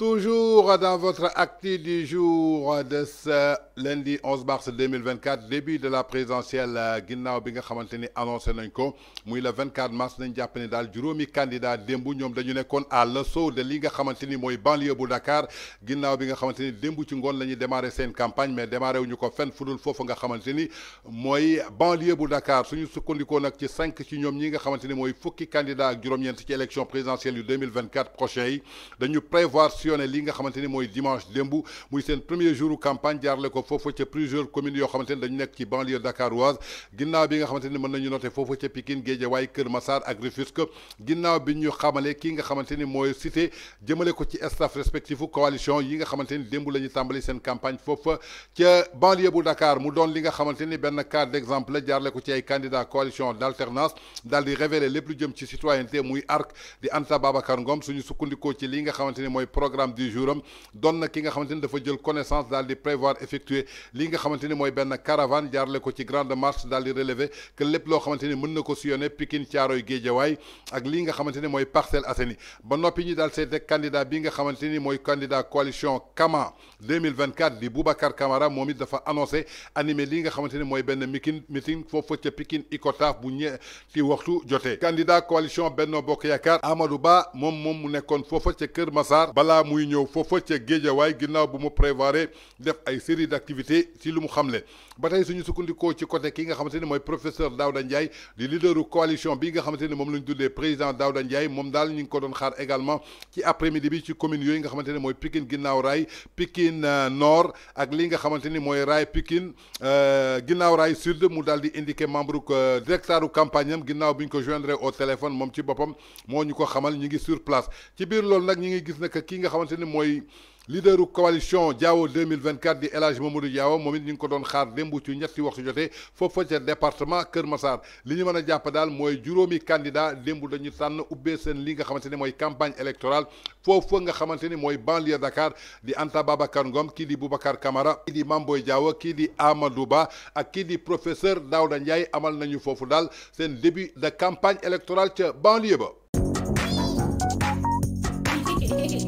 Toujours dans votre acte du jour de ce lundi 11 mars 2024 début de la présidentielle euh, ginnaaw bi nga xamante annoncé nañ ko le 24 mars nous avons ne que le candidat démb ñoom dañu nekkoon à l'assaut de li nga xamante banlieue bu Dakar ginnaaw bi nga xamante ni démb ci démarré campagne mais démarré wuñu ko fenn fudul foofu nga xamante ni banlieue bu Dakar suñu sukkandikoo nag ci cinq ci ñoom ñi nga moi ni mooy fukki candidat durant l'élection ci élection présidentielle yu 2024 prochain yi dañu prévoir sur sillonné li nga xamanteni moy dimanche démb muy sen premier jour campagne jaarale ko fofu ci plusieurs communes yo xamanteni dañ nek ci banlieue dakaroise ginnaw bi nga xamanteni meun nañu noté fofu ci Pikine Guédiawaye keur Massar ak Rufisque ginnaw bi ñu xamalé ki nga xamanteni moy cité jëmele ko ci staff respectif coalition yi nga xamanteni ni lañu tambali sen campagne fofu ci banlieue bu Dakar mu doon li nga xamanteni ben benn cas d'exemple la jaarale ko ci ay candidats coalition d'alternance dal di révéler les plus jëm ci citoyenneté muy arc di Anta Babacar Ngom suñu sukkandikoo ci li nga xamanteni moy programme programme du jour am na ki nga xamanteni dafa jël connaissance dal di prévoir effectuer li nga xamanteni et ben caravane jaarale ko ci grande marche d'aller di relever que lepp lo xamanteni ni mën na ko sillonné Pikine Thiaroye Guédiawaye ak li nga xamanteni moy parcelle Parcelles ba nopi ñi dal seete candidat bi nga xamanteni ni candidat coalition Kama 2024 di Boubacar Camara moom dafa annoncé animé li nga xamanteni et ben benn meeting fofu et Pikine Icotaf bu ci waxtu joté candidat coalition Benno Bokk Yaakaar Amadou Ba mom mom mu nekkoon fofu ci keur Massar muy ñëw foofa ca géejawaay ginnaaw bu mu prévaré def ay série d' activités ci lu mu xamle ba tey suñu sukkandikoo ci côté ki nga xamante ni mooy professeur Daouda Ndiaye di leaderu coalition bi nga xamante ni moom lañ tuddee président Daouda Ndiaye moom daal ñu ngi ko doon xaar également ci après midi bi ci commune yooyu nga xamante ni mooy Pikine ginnaaw raay Pikine euh, nord ak li nga xamante ni mooy raay Pikine euh, ginnaaw raay sud mu daal di indiqué membre euh, directeur campagne am ginnaaw bi ñu ko joindre au téléphone moom ci boppam moo ñu ko xamal ñu ngi sur place ci biir loolu nag ñi ngi gis nag ki nga xamante ni mooy leaderu coalition Diao 2024 di El Hadj Mamadou Diao moom it ñu ngi ko doon xaar démb ci ñetti waxtu jotee foofu ca département Kër Massar li ñu mën a jàpp daal mooy juróomi candidat démb dañu tànn ubbee seen li nga xamante ni mooy campagne électorale foofu nga xamante ni mooy banlieue Dakar di Anta Babacar Ngom kii di Boubacar Camara kii di Mamboy Diao kii di Amadou Ba ak kii di professeur Daouda Ndiaye amal nañu foofu daal seen début de campagne électorale ca banlieue